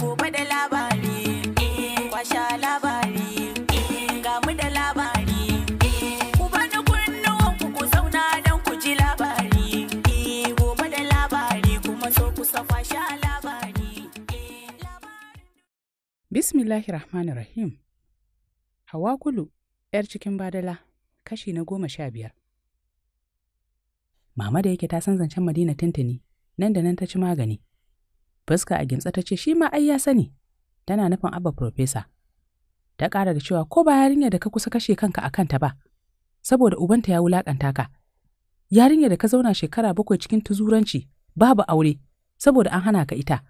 gobe da labari eh, kwasha labari eh, ga mu da labari eh, ku bani kunnuwan ku ku zauna don ku ji labari gobe da labari kuma so ku sa kwasha labari bismillahir rahmanir rahim hawa kulu yar cikin badala kashi na goma sha biyar mama da yake ta san zancen madina tuntuni nan da nan ta ci magani Fuska a gimtsa ta ce shi ma ai ya sani. Tana nufin abba profesa. Ta ƙara da cewa ko ba yarinya da ka kusa kashe kanka a kanta ba, saboda ubanta ya wulakanta ka. Yarinya da ka zauna shekara bakwai cikin tuzuranci babu aure saboda an hana ka ita.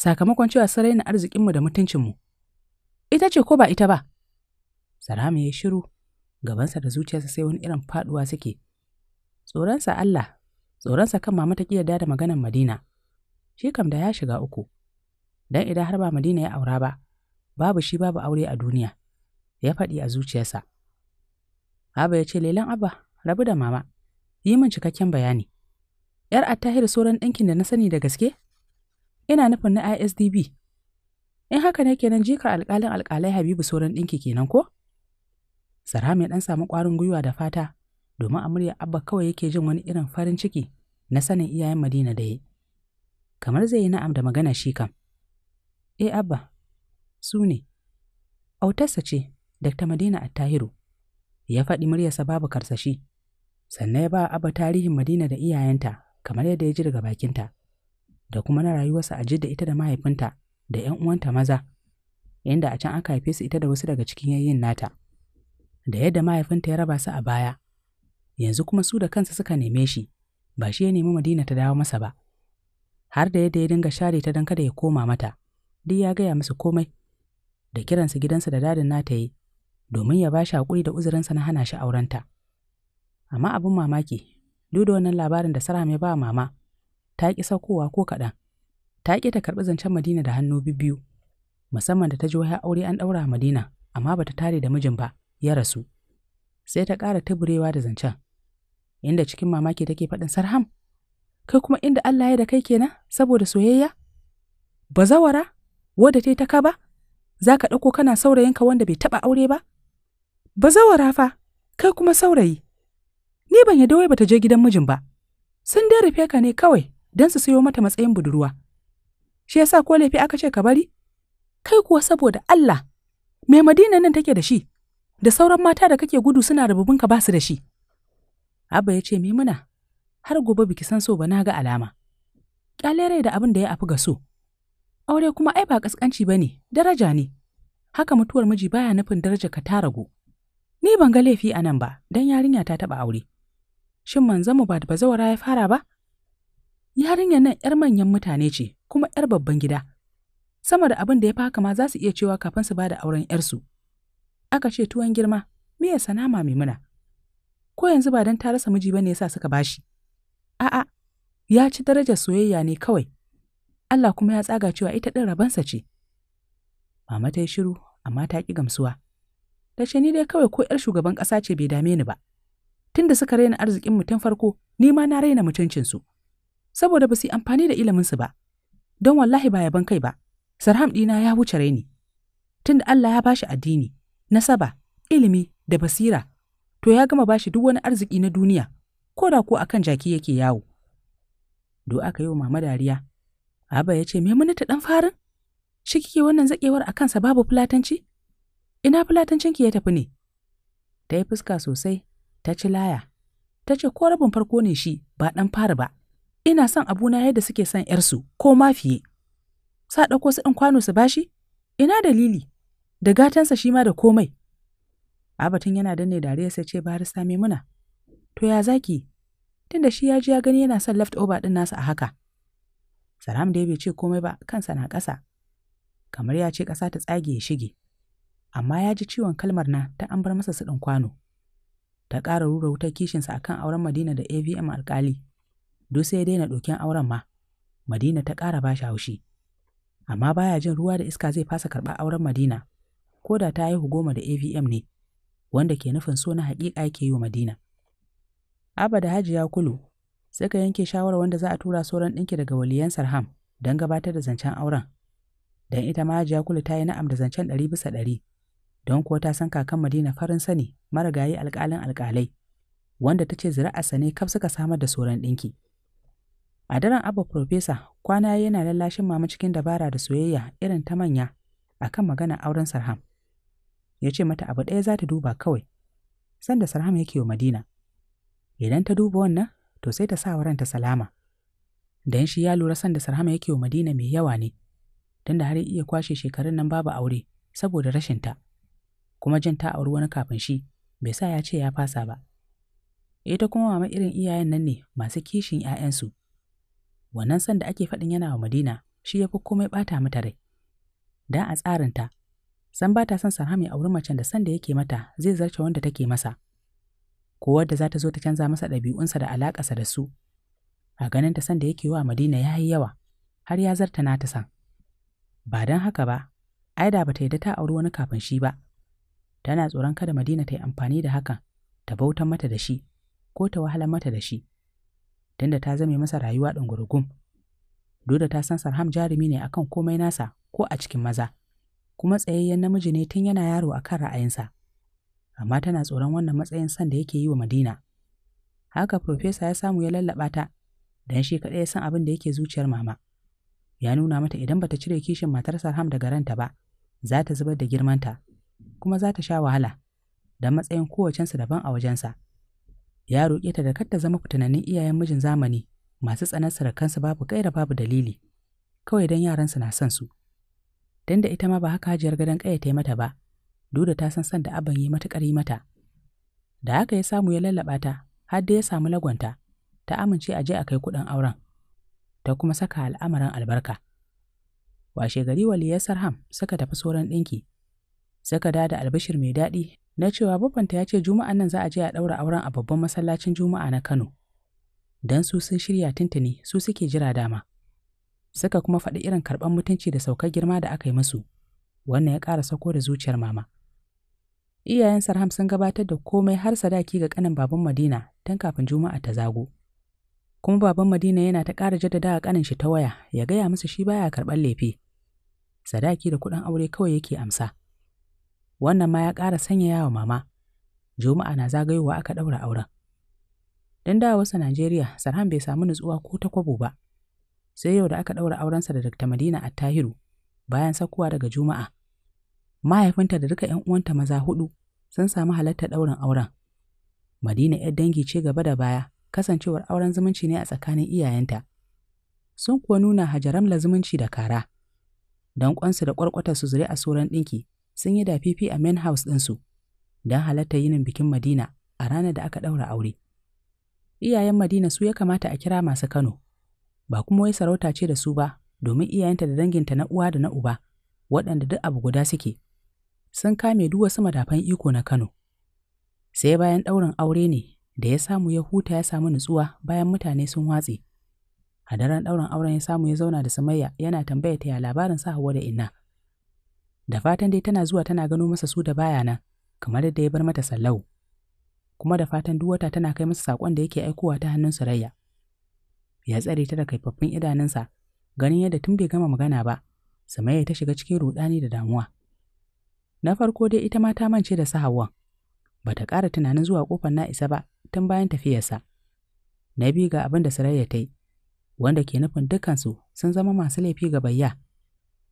Sakamakon cewa sun raina arzikinmu da mutuncinmu. Ita ce ko ba ita ba? Sarami ya shiru, gabansa da zuciyarsa sai wani irin faɗuwa suke. Tsoronsa Allah, tsoronsa kan mama ta ƙiyarda da maganar Madina. shi kam da ya shiga uku. Dan idan har ba Madina ya aura ba, babu shi babu aure a duniya, ya faɗi a zuciyarsa. Abba ya ce, Lelan Abba, rabu da mama, yi min cikakken bayani. ‘Yar attahir sauran ɗinkin da na sani da gaske? Ina nufin na ISDB. In haka ne kenan jika alƙalin alƙalai Habibu sauran ɗinki kenan ko? Sarame ɗan samu ƙwarin gwiwa da fata, domin a murya Abba kawai yake jin wani irin farin ciki na sanin iyayen Madina da yi. kamar zai yi na'am da magana shi kam. E abba, su ne. Autarsa ce, Dr. Madina Attahiru. Ya faɗi muryarsa babu karsashi. Sannan ya ba abba tarihin Madina da iyayenta kamar yadda ya ji daga bakinta. Da kuma na rayuwarsa a jidda ita da mahaifinta da 'yan uwanta maza. Inda a can aka haife su ita da wasu daga cikin yayin nata. Da yadda mahaifinta ya raba su a baya. Yanzu kuma su da kansa suka neme shi, ba shi ya nemi Madina ta dawo masa ba. har da yadda ya dinga share ta don kada ya koma mata, duk ya gaya musu komai, da kiransa gidansa da dadin nata yi, domin ya ba shi haƙuri da uzurinsa na hana shi aurenta. Amma abin mamaki, duk da wannan labarin da Saram ya ba mama, ta ƙi saukowa ko kaɗan, ta ƙi ta karɓi zancen Madina da hannu biyu, musamman da ta ji waya aure an ɗaura Madina, amma bata tare da mijin ba, ya rasu. Sai ta ƙara tuburewa da zancen, inda cikin mamaki take faɗin Sarham, kai kuma inda Allah ya da kai kenan saboda soyayya? Bazawara, wadda ta yi ta ba, za ka ɗauko kana saurayinka wanda bai taɓa aure ba? Bazawara fa, kai kuma saurayi. Ni ban yadda wai bata je gidan mijin ba, sun dai rufe ka ne kawai don su sayo mata matsayin budurwa. Shi yasa ko laifi aka ce ka bari? Kai kuwa saboda Allah, mai madina nan take da shi, da sauran mata da kake gudu suna rububinka ba su da shi. Abba ya ce, Mimuna, har gobe biki san so ba na ga alama. Ƙyalerai da abin da ya afi ga so. Aure kuma ai ba ƙasƙanci ba ne, daraja ne. Haka mutuwar miji baya nufin daraja ka ta ragu. Ni ban ga laifi a nan ba, don yarinya ta taɓa aure. Shin manzanmu ba da bazawara ya fara ba? Yarinyar nan 'yar manyan mutane ce, kuma 'yar babban gida. Sama da abin da ya fi haka ma za su iya cewa kafin su ba da auren 'yarsu. Aka ce tuwon girma, me ya sana mamimuna? Ko yanzu ba don ta rasa miji ba ne yasa suka bashi. A'a, ya ci darajar soyayya ne kawai, Allah kuma ya tsaga cewa ita ɗin rabansa ce. Mama ta yi shiru, amma ta ƙi gamsuwa. Ta ce ni dai kawai ko ‘yar shugaban ƙasa ce bai dame ni ba. Tunda suka raina arzikin mu tun farko, ni ma na raina mutuncinsu. Saboda ba su yi amfani da iliminsu ba, don wallahi ba yaban kai ba, sarham ɗina ya wuce raini. Tunda Allah ya bashi addini, nasaba, ilimi da basira, to ya gama bashi duk wani arziki na duniya, ko da ko akan jaki yake yawo. Do aka yi wa mama dariya. Abba ya ce, ta ɗan farin? Shi kike wannan zaƙewar a kansa babu fulatanci? Ina fulatancinki ya tafi ne? Ta yi fuska sosai, ta ci laya. Ta ce, ko rabin farko ne shi ba ɗan fari ba. Ina son abuna yadda suke son ‘yarsu ko ma fiye. Sa ɗauko su ɗin kwano su bashi? Ina dalili, da gatansa shi ma da komai. Abatun yana danne dariya sai ce, Barista memuna. to ya zaki Tun da shi ya ji ya gani yana son leftover ɗin nasa a haka. Saram da bai ce komai ba kansa na ƙasa, kamar ya ce ƙasa ta tsage ya shige, amma ya ji ciwon kalmar na ta an bar masa su ɗin kwano. Ta ƙara rura wutar kishinsa a kan auren Madina da AVM alƙali, duk sai ya daina ɗokin auren ma, Madina ta ƙara ba shi haushi. Amma baya jin ruwa da iska zai fasa karɓa auren Madina, ko da ta haihu goma da AVM ne, wanda ke nufin so na haƙiƙa yake yi wa Madina. abba da Hajiya Kulu suka yanke shawarar wanda za a tura sauran ɗinki daga waliyan Sarham don gabatar da zancen auren. Don ita ma Hajiya Kulu ta yi na'am da zancen ɗari bisa ɗari, don kuwa ta san kakan Madina farin sani mara gayi alƙalin alƙalai, wanda ta ce zira'arsa ne kaf suka samar da sauran ɗinki. A daren Abba Profesa kwana yana lallashin mama cikin dabara da soyayya irin ta manya a kan maganar auren Sarham. Ya ce mata abu ɗaya za ta duba kawai, sanda Sarham yake wa Madina. idan ta duba wannan to sai ta sa wa ranta salama dan shi ya lura san da sarhama yake wa madina mai yawa ne tunda har iya kwashe shekarun nan babu aure saboda rashin ta kuma jin ta auri wani kafin shi bai sa ya ce ya fasa ba ita kuma mama irin iyayen nan ne masu kishin 'ya'yansu wannan san da ake faɗin yana wa madina shi ya fi komai ɓata mata rai dan a tsarin ta, san ba ta son sarhama ya auri macen da san da yake mata zai zarce wanda take masa ko wadda za ta zo ta canza masa ɗabi'unsa da alaƙarsa da su. A ganin ta san da yake wa Madina ya yi yawa, har ya zarta na ta san. Ba don haka ba, ai da yi da ta auri wani kafin shi ba. Tana tsoron kada Madina ta yi amfani da hakan, ta bautan mata da shi, ko ta wahalar mata da shi. Tunda ta zame masa rayuwa ɗungurugum. Doda ta san Sarham jarumi ne akan komai nasa ko a cikin maza, kuma tsayayyen namiji ne tun yana yaro a kan ra'ayinsa. amma tana tsoron wannan matsayin san da yake yi wa Madina. Haka Profesa ya samu ya lallaɓa ta, don shi kaɗai ya san abin da yake zuciyar mama. Ya nuna mata idan bata cire kishin matar Sarham daga ranta ba, za ta zubar da girmanta, kuma za ta sha wahala, da matsayin kowacensu daban a wajensa. Ya roƙe ta da kar ta zama fitanannin iyayen mijin zamani masu tsanar sarakansu babu ƙaira babu dalili, kawai don yaransu na son su. Dan da ita ma ba haka hajiyar gadon ƙaya ta yi mata ba, Duda ta san san da abin yi matuƙar yi mata. Da haka ya samu ya lallaɓa ta, har da ya samu lagwanta, ta amince a je a kai kuɗin auren, ta kuma saka al'amarin albarka. Washe gari waliyar Sarham suka tafi sauran ɗinki, suka da da albishir mai daɗi na cewa babbanta ya ce juma'an nan za a je a ɗaura auren a babban masallacin juma'a na Kano. Dan su sun shirya tuntuni su suke jira dama. Suka kuma faɗi irin karɓar mutunci da saukar girma da aka yi musu, wannan ya ƙara sako da zuciyar mama. Iyayen Sarham sun gabatar da komai har sadaki ga kanin baban Madina tun kafin Juma'a ta zago. Kuma baban Madina yana ta ƙara jaddada a kanin shi ta waya ya gaya musu shi baya karɓar lefe. Sadaki da kuɗin aure kawai yake amsa. Wannan ma ya ƙara sanyaya wa mama. Juma'a na zagayowa aka ɗaura auren. Don dawowarsa Najeriya, Sarhan bai samu nutsuwa ko ta kwabo ba. Sai yau da aka ɗaura aurensa da Dr. Madina Attahiru bayan sakuwa daga Juma'a. mahaifinta da duka ‘yan uwanta maza hudu sun samu halatta ɗaurin auren. Madina ‘yar dangi ce gaba da baya, kasancewar auren zumunci ne a tsakanin iyayenta. Sun kuwa nuna hajaramla zumunci da kara. Danƙonsu da ƙwarƙwata su zure a soran ɗinki sun yi dafifi a main house ɗinsu don halarta yinin bikin Madina a ranar da aka ɗaura aure. Iyayen Madina su ya kamata a kira masu Kano, ba kuma wai sarauta ce da su ba domin iyayenta da danginta na uwa da na uba waɗanda duk abu guda suke. sun kame duk wasu madafan iko na Kano. Sai bayan ɗaurin aure ne da ya samu ya huta ya samu nutsuwa bayan mutane sun watse. A daren ɗaurin auren ya samu ya zauna da Sumayya yana tambaya ta ya labarin sa Hauwa da Inna. Da fatan dai tana zuwa tana gano masa su da baya nan, kamar yadda ya bar mata sallau. Kuma da fatan duk wata tana kai masa saƙon da yake aikowa ta hannun Surayya. Ya tsare ta da kaifaffin idanunsa, ganin yadda tun bai gama magana ba, Sumayya ta shiga cikin ruɗani da damuwa. Na farko dai ita ma ta mance da su Hauwan. Ba ta ƙara tunanin zuwa ƙofar na isa ba tun bayan tafiyarsa. Na biyu ga abin da Sarayya ta yi, wanda ke nufin dukansu sun zama masu laifi ga bayya.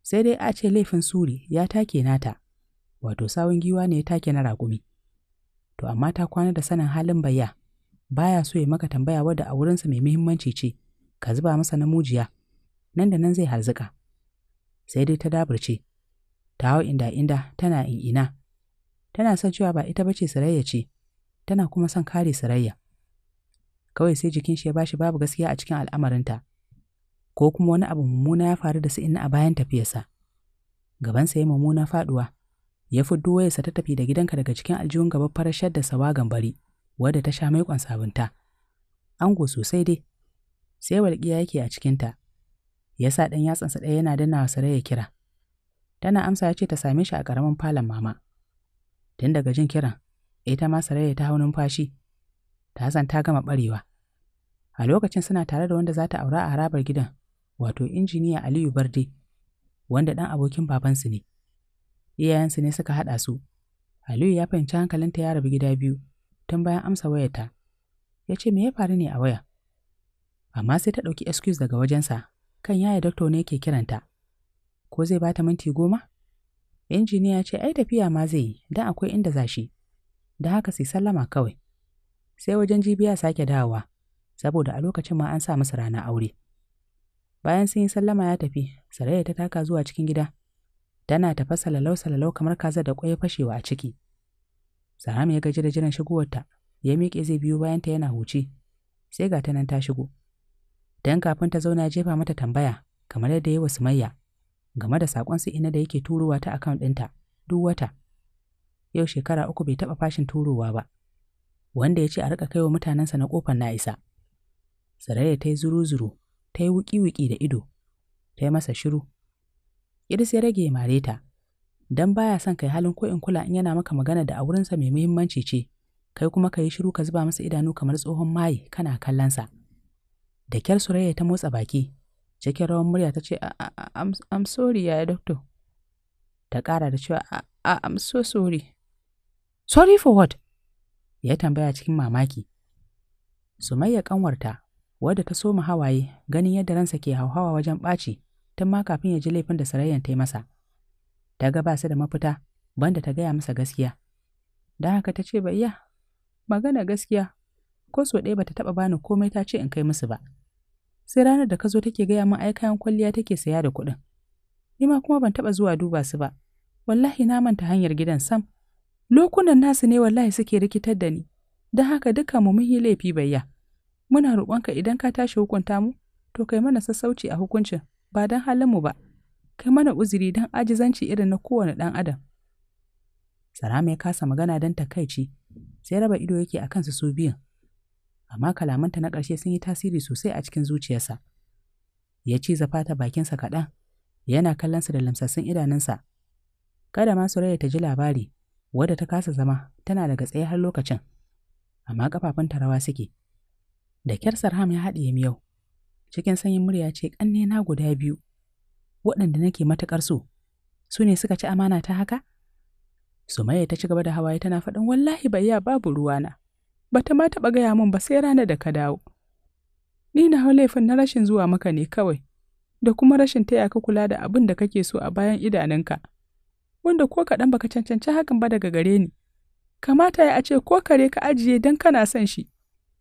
Sai dai a ce laifin suri ya take nata, wato sawun giwa ne ya take na raƙumi. To amma ta kwana da sanin halin bayya, baya so ya maka tambaya wadda a wurinsa mai muhimmanci ce, ka zuba masa na mujiya, nan da nan zai harzuka. Sai dai ta dabarce, ta inda inda tana in ina. Tana son cewa ba ita bace Sarayya ce, tana kuma son kare Sarayya. Kawai sai jikin shi ya bashi babu gaskiya a cikin al'amarinta. Ko kuma wani abu mummuna ya faru da su inna a bayan tafiyarsa. Gabansa ya mummuna faduwa. Ya fuddo wayarsa ta tafi da gidanka daga cikin aljihun gaba farashar da sawa gambari, wadda ta sha maikon sabunta. Ango sosai dai. Sai walƙiya yake a cikinta. Ya sa ɗan yatsansa ɗaya yana danna wa Sarayya kira. Tana amsa ya ce ta same shi a ƙaramin falon mama. Tun daga jin kiran, ita ma sarai ta hau numfashi. Ta san ta gama ɓarewa. A lokacin suna tare da wanda za ta aura a harabar gidan, wato injiniya Aliyu Barde, wanda ɗan abokin babansu ne. Iyayensu ne suka haɗa su. Aliyu ya fahimci hankalinta ya rabu gida biyu tun bayan amsa wayarta. Ya ce me ya faru ne a waya? Amma sai ta ɗauki excuse daga wajensa kan yaya doctor ne ke kiranta. ko zai bata minti goma? Injiniya ce ai tafiya ma zai yi, don akwai inda za shi, da haka sai sallama kawai. Sai wajen jibiya sake dawowa, saboda a lokacin ma an sa masa rana aure. Bayan sun yi sallama ya tafi, Saraya ta taka zuwa cikin gida. Tana tafa salalau salalau kamar kaza da ƙwai fashewa a ciki. Saram ya gaji da jiran shigowarta, ya miƙe zai biyo ta yana huce. Sai ga ta nan ta shigo. Dan kafin ta zauna jefa mata tambaya, kamar yadda ya wa Sumayya. game da saƙon su ina da yake turowa ta akaunt ɗinta duk wata. Yau shekara uku bai taɓa fashin turowa ba. Wanda ya ce a riƙa kaiwa mutanensa na ƙofar na isa. Sarayya ta yi zuru-zuru, ta yi wuƙi-wuƙi da ido, ta yi masa shiru. Idris ya rage mare ta, don baya son kai halin ko in kula in yana maka magana da a wurinsa mai muhimmanci ce, kai kuma ka yi shiru ka zuba masa idanu kamar tsohon maye kana kallonsa. Da kyar Surayya ta motsa baki, cikin rawan murya ta ce am sorry yi doctor ta ƙara da cewa a, am so sorry sorry for what ya tambaya cikin mamaki sumayya kanwarta wadda ta soma hawaye ganin yadda ransa ke hauhawa wajen ɓaci tun ma kafin ya ji laifin da sarayyan ta yi masa ta ga ba su da mafita banda ta gaya masa gaskiya Da haka ta ce bayya magana gaskiya ko so ɗaya bata taɓa bani komai ta ce in kai musu ba sai ranar da ka zo take gaya min ai kayan kwalliya take saya da kuɗin. Ni ma kuma ban taɓa zuwa duba su ba, wallahi na manta hanyar gidan sam. Lokunan nasu ne wallahi suke rikitar da ni, don haka dukkan mu mun yi laifi bayya. Muna roƙonka idan ka tashi hukunta mu, to kai mana sassauci a hukuncin, ba don halin mu ba. Kai mana uzuri don ajizanci irin na kowane ɗan adam. Sarama ya kasa magana don takaici, sai raba ido yake a kansu su biyan. amma kalamanta na ƙarshe sun yi tasiri sosai a cikin zuciyarsa. Ya ci zafata bakinsa kaɗan, yana kallon sa da lamsassun idanunsa. Kada ma Suraya ta ji labari, wadda ta kasa zama tana daga tsaye har lokacin, amma ƙafafunta rawa suke. Da kyar Sarham ya haɗiye miyau, cikin sanyin murya ce na guda biyu, waɗanda nake matuƙar so, su ne suka ci amana ta haka? Sumayya ta ci gaba da hawaye tana faɗin wallahi bayya babu ruwana. ba ta ma taɓa gaya min ba sai ranar da ka dawo. Ni na hau laifin na rashin zuwa maka ne kawai, da kuma rashin taya ka kula da abin da kake so a bayan idanunka, wanda ko kaɗan baka cancanci hakan ba daga gare ni. Kamata ya a ce ko kare ka ajiye don kana son shi,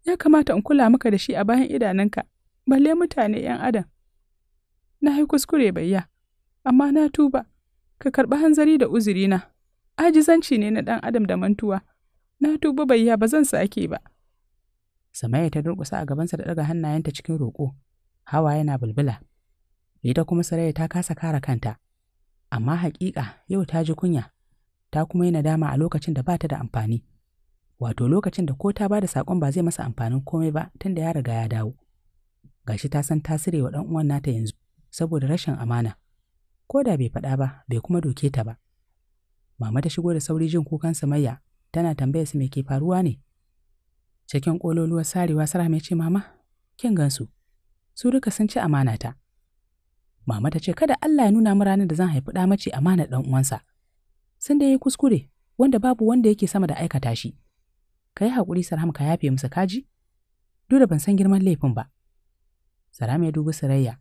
ya kamata in kula maka da shi a bayan idanunka, balle mutane 'yan adam. Na yi kuskure bayya, amma na tuba, ka karɓi hanzari da uzurina. ajizanci ne na ɗan adam da mantuwa Na tuba bayya ba zan sake ba. Samaya ta durƙusa a gabansa da ɗaga hannayenta cikin roƙo, hawa yana bulbula. Ita kuma Saraya ta kasa kare kanta, amma haƙiƙa yau ta ji kunya, ta kuma yi nadama a lokacin da ba ta da amfani. Wato lokacin da ko ta ba da saƙon ba zai masa amfanin komai ba tunda ya riga ya dawo. Gashi ta san ta wa ɗan uwan nata yanzu saboda rashin amana. Ko da bai faɗa ba, bai kuma doke ta ba. Mama ta shigo da sauri jin kukan Samayya tana tambayar su me ke faruwa ne. Cikin ƙololuwar sarewa Sarame ce mama, kin gansu, su duka sun ci amana ta. Mama ta ce kada Allah ya nuna mu ranar da zan haifi ɗa mace amana ɗan uwansa. Sun da yi kuskure wanda babu wanda yake sama da aikata shi. Ka yi haƙuri Sarham ka yafe musu kaji? Duda ban san girman laifin ba. Sarham ya dubi Sarayya.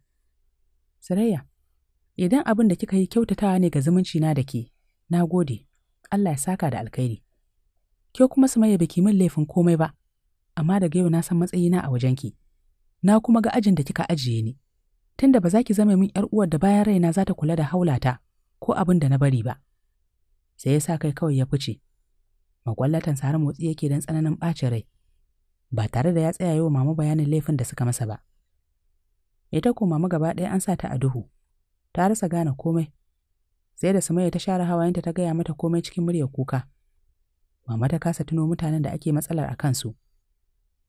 Sarayya, idan abin da kika yi kyautatawa ne ga zumunci na da ke, na gode, Allah ya saka da alkhairi. Ke kuma Sumayya biki min laifin komai ba, amma daga yau na san matsayina a wajen ki. Na kuma ga ajin da kika ajiye ni. Tunda ba za ki zama min ‘yar uwar da bayan raina za ta kula da haulata ko abin da na bari ba. Sai ya sa kai kawai ya fice. Magwallatan har motsi yake don tsananin ɓacin rai. Ba tare da ya tsaya wa mama bayanin laifin da suka masa ba. Ita ko mama gaba ɗaya an sa ta a duhu. Ta rasa gane komai. Sai da Sumayya ta share hawayenta ta gaya mata komai cikin murya kuka. mama ta kasa tuno mutanen da ake matsalar a kansu.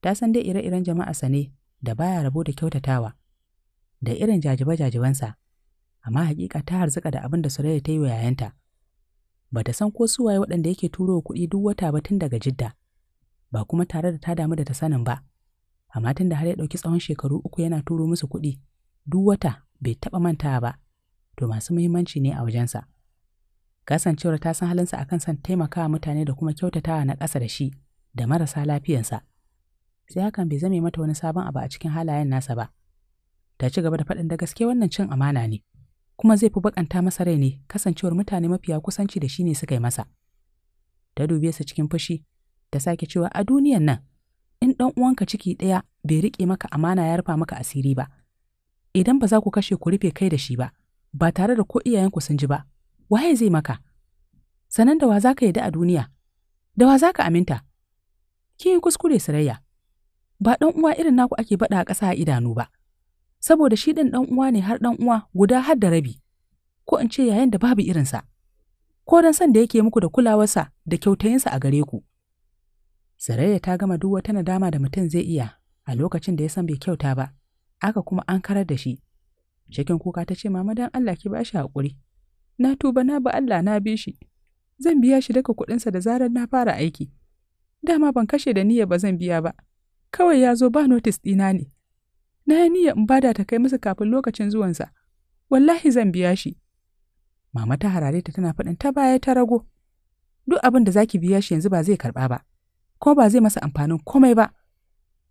Ta san dai ire-iren jama'a sane da baya rabo da kyautatawa, da irin jajiba-jajibansa, amma hakika ta harzuka da abin da Suraya ta yi wa yayanta. Ba ta san ko suwaye waɗanda yake turo kuɗi duk wata ba tun daga Jidda, ba kuma tare da ta damu da ta sanin ba, amma tun da har ya ɗauki tsawon shekaru uku yana turo musu kuɗi, duk wata bai taɓa mantawa ba, to masu muhimmanci ne a wajensa. kasancewar ta san halinsa akan son taimakawa mutane da kuma kyautatawa na ƙasa da shi da marasa lafiyansa sai hakan bai zame mata wani sabon abu a cikin halayen nasa ba ta ci gaba da faɗin da gaske wannan cin amana ne kuma zai fi baƙanta masa rai ne kasancewar mutane mafiya kusanci da shi ne suka yi masa ta dube su cikin fushi ta sake cewa a duniyan nan in ɗan uwanka ciki ɗaya bai riƙe maka amana ya rufa maka asiri ba idan ba za ku kashe ku rufe kai da shi ba ba tare da ko iyayenku sun ji ba waye zai maka? Sanan da wa za ka yi a duniya? Da wa za ka aminta? Ki yi kuskure Sirayya. Ba ɗan uwa irin naku ake baɗa a ƙasa a idanu ba. Saboda shi ɗin ɗan uwa ne har ɗan uwa guda har da rabi. Ko in ce yayin da babu irinsa. Ko don san da yake muku da kulawarsa da kyautayinsa a gare ku. Sirayya ta gama duk wata nadama da mutum zai iya a lokacin da ya san bai kyauta ba, aka kuma an karar da shi. Cikin kuka ta ce, Mama don Allah ki ba shi haƙuri. na tuba na bi Allah na bi shi zan biya shi daga kuɗinsa da zarar na fara aiki dama ban kashe da niyya ba zan biya ba kawai ya zo ba notis ɗina ne na yi niyya in bada ta kai masa kafin lokacin zuwansa wallahi zan biya shi mama ta harare ta tana faɗin ta baya ta rago duk abin da zaki biya shi yanzu ba zai karɓa ba ko ba zai masa amfanin komai ba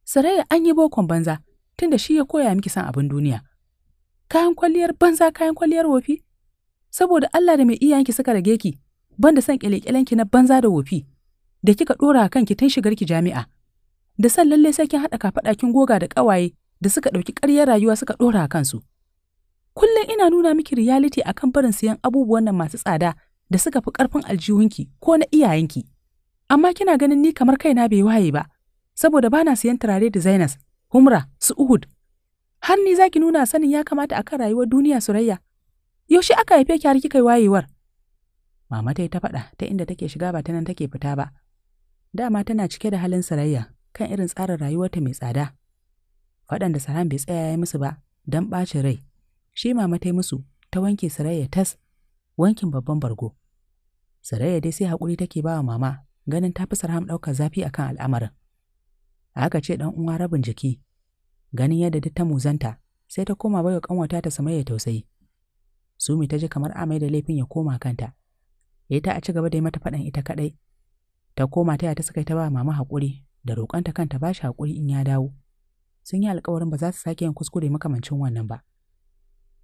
saraya an yi bokon banza tunda shi ya koya miki san abin duniya kayan kwalliyar banza kayan kwalliyar wofi saboda Allah da mai iyayenki suka rage ki banda san ƙyalenki na banza da wofi da kika dora kanki tun shigar ki jami'a da san lalle sai kin haɗa kafada kin goga da kawaye da suka ɗauki ƙaryar rayuwa suka dora kansu kullum ina nuna miki reality akan barin siyan abubuwan nan masu tsada da suka fi ƙarfin aljihunki ko na iyayenki amma kina ganin ni kamar kai na bai waye ba saboda bana siyan turare designers humra su uhud har ni zaki nuna sanin ya kamata a kan rayuwar duniya surayya Yaushe aka haife ki har kika yi wayewar? Mama ta yi ta faɗa ta inda take shiga ba ta nan take fita ba. Dama tana cike da halin sarayya kan irin tsarin rayuwarta mai tsada. Faɗan da Saran bai tsaya ya musu ba don ɓacin rai. Shi mama ta yi musu ta wanke sarayya tas, wankin babban bargo. Sarayya dai sai haƙuri take bawa mama ganin ta fi Sarham ɗaukar zafi akan al'amarin. Aka ce ɗan uwa rabin jiki, ganin yadda duk ta muzanta, sai ta koma baiwa ƙanwata ta samayya tausayi. Sumi ta ji kamar amai da laifin ya koma kanta. Ya ta a ci gaba da yi mata faɗan ita kaɗai. Ta koma ta ta suka ta ba mama haƙuri da roƙanta kanta ba shi haƙuri in ya dawo. Sun yi alƙawarin ba za su sake yin kuskure makamancin wannan ba.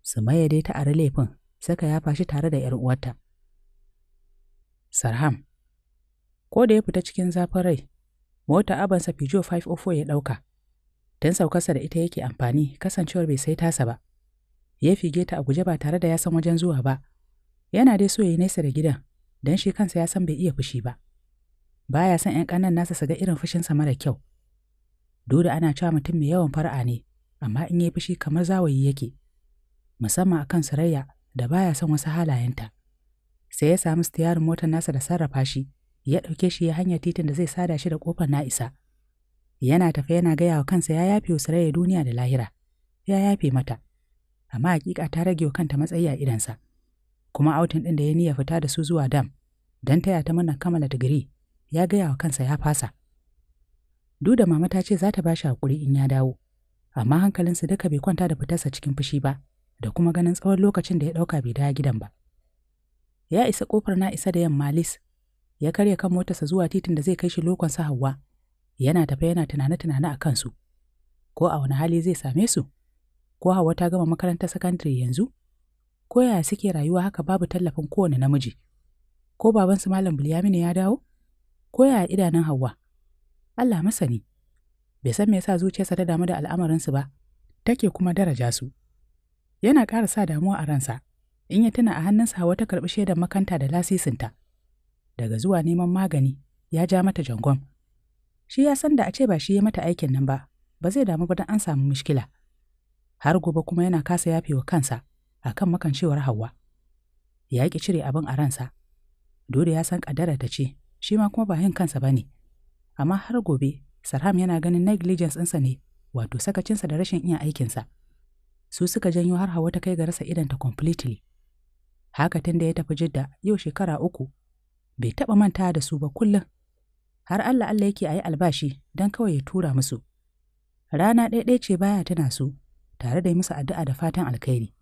Su maye dai ta ari laifin saka yafa shi tare da 'yar uwarta. Sarham Ko da ya fita cikin zafin rai, mota abansa Peugeot 504 ya ɗauka. Don saukarsa da ita yake amfani kasancewar bai sai tasa ba. ya fige ta a guje ba tare da ya san wajen zuwa ba yana dai so ya yi nesa da gidan don shi kansa ya san bai iya fushi ba baya son 'yan ƙanan nasa su ga irin fushinsa mara kyau Dole ana cewa mutum mai yawan fara'a ne amma in yi fushi kamar zawayi yake musamman akan sarayya da baya son wasu halayenta sai ya samu stiyarin motar nasa da sarrafa shi ya ɗauke shi ya hanyar titin da zai sada shi da ƙofar na'isa yana tafe yana gaya wa kansa ya yafe wa sarayya duniya da lahira ya yafe mata amma hakika ta rage wa kanta matsayi a idansa. Kuma autin ɗin da ya niyya fita da su zuwa dam, don taya ta mana kammala digiri, ya gaya wa kansa ya fasa. duk da mama ta ce za ta ba shi haƙuri in ya dawo, amma hankalinsa duka bai kwanta da fitarsa cikin fushi ba, da kuma ganin tsawon lokacin da ya ɗauka bai dawo gidan ba. Ya isa ƙofar na isa da yamma Malis, ya karya kan motarsa zuwa titin da zai kai shi lokon sa Hauwa, yana tafe yana tunane-tunane a kansu, ko a wani hali zai same su. ko Hauwa ta gama makarantar sakandare yanzu? Ko yaya suke rayuwa haka babu tallafin kowane namiji? Ko babansu Malam Bilyaminu ya dawo? Ko yaya idanun Hauwa? Allah masani. Bai san me yasa zuciyarsa ta damu da al'amarinsu ba, take kuma daraja su. Yana ƙara sa damuwa a ransa, in ya tuna a hannunsa Hauwa ta karɓi shaidar makanta da lasisinta. Daga zuwa neman magani, ya ja mata jangon. Shi ya san da a ce ba shi ya mata aikin nan ba, ba zai damu ba don an samu mushkila. har gobe kuma yana kasa yafe wa kansa akan kan makancewar Hauwa. Ya ki cire abin a ransa, Dole ya san ƙadara ta ce, shi ma kuma ba yin kansa ba ne. Amma har gobe, Sarham yana ganin negligence ɗinsa ne, wato sakacinsa da rashin iya aikinsa. Su suka janyo har hawa ta kai ga rasa idanta completely. Haka tun da ya tafi Jidda yau shekara uku, bai taɓa manta da su ba kullum. Har Allah Allah yake a yi albashi don kawai ya tura musu. Rana ɗaya ce baya tana su, tare da yi musu addu'a da fatan alkhairi.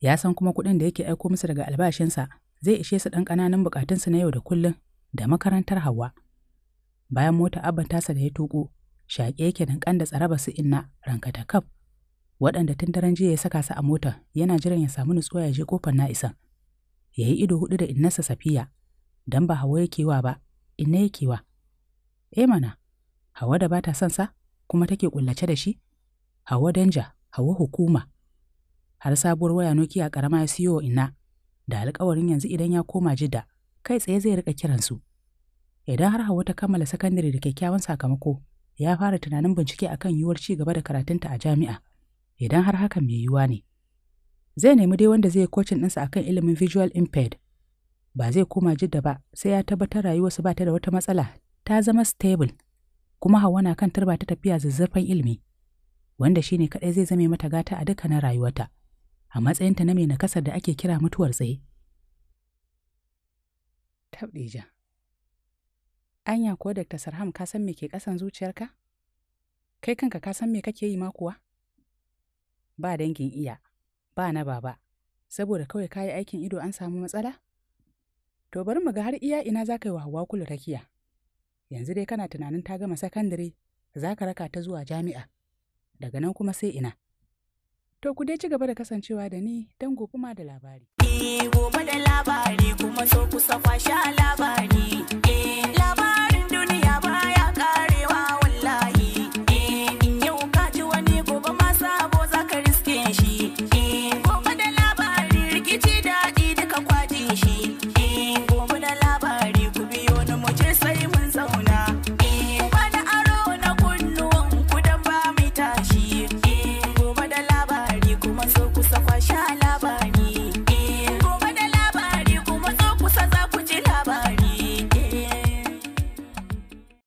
Ya san kuma kuɗin da yake aiko masa daga albashinsa zai ishe su ɗan ƙananan buƙatunsu na yau da kullum da makarantar Hauwa. Bayan mota abban tasa da ya tuƙo, shaƙe yake ƙan da tsaraba su inna rankata kaf. Waɗanda tun daren jiya ya saka su a mota yana jiran ya samu nutsuwa ya je kofar na isan. Ya yi ido huɗu da innarsa safiya, don ba Hauwa yake wa ba, inna yake wa. E mana, Hauwa da ba ta son sa, kuma take ƙullace da shi? Hauwa danja, hawa hukuma har sabuwar waya nokia karama ya siyo ina da alƙawarin yanzu idan ya koma jidda kai tsaye zai rika kiransu idan har hawa ta kammala sakandare da kyakkyawan sakamako ya fara tunanin bincike akan yiwuwar ci gaba da karatunta a jami'a idan har haka mai yiwuwa ne zai nemi dai wanda zai kocin ɗinsa akan ilimin visual impaired ba zai koma jidda ba sai ya tabbatar rayuwarsa ba ta da wata matsala ta zama stable kuma hawa na kan turba ta tafiya zazzafan ilimi wanda shi ne kaɗai zai zame mata gata a duka na rayuwarta, a matsayinta na mai nakasar da ake kira mutuwar tsaye. Tabdija. Anya ko Dr. Sarham ka san me ke ƙasan zuciyarka? Kai kanka ka san me kake yi ma kuwa? Ba dangin iya, ba na baba, saboda kawai kayi aikin ido an samu matsala? To bari mu ga har iya ina za ka yi wa Hauwa kulu rakiya. Yanzu dai kana tunanin ta gama sakandare, za ka raka ta zuwa jami'a. daga nan kuma sai ina. To ku dai ci gaba da kasancewa da ni don gobe ma da labari. Eh gobe da labari kuma so kusa sha labari. Eh labarin duniya baya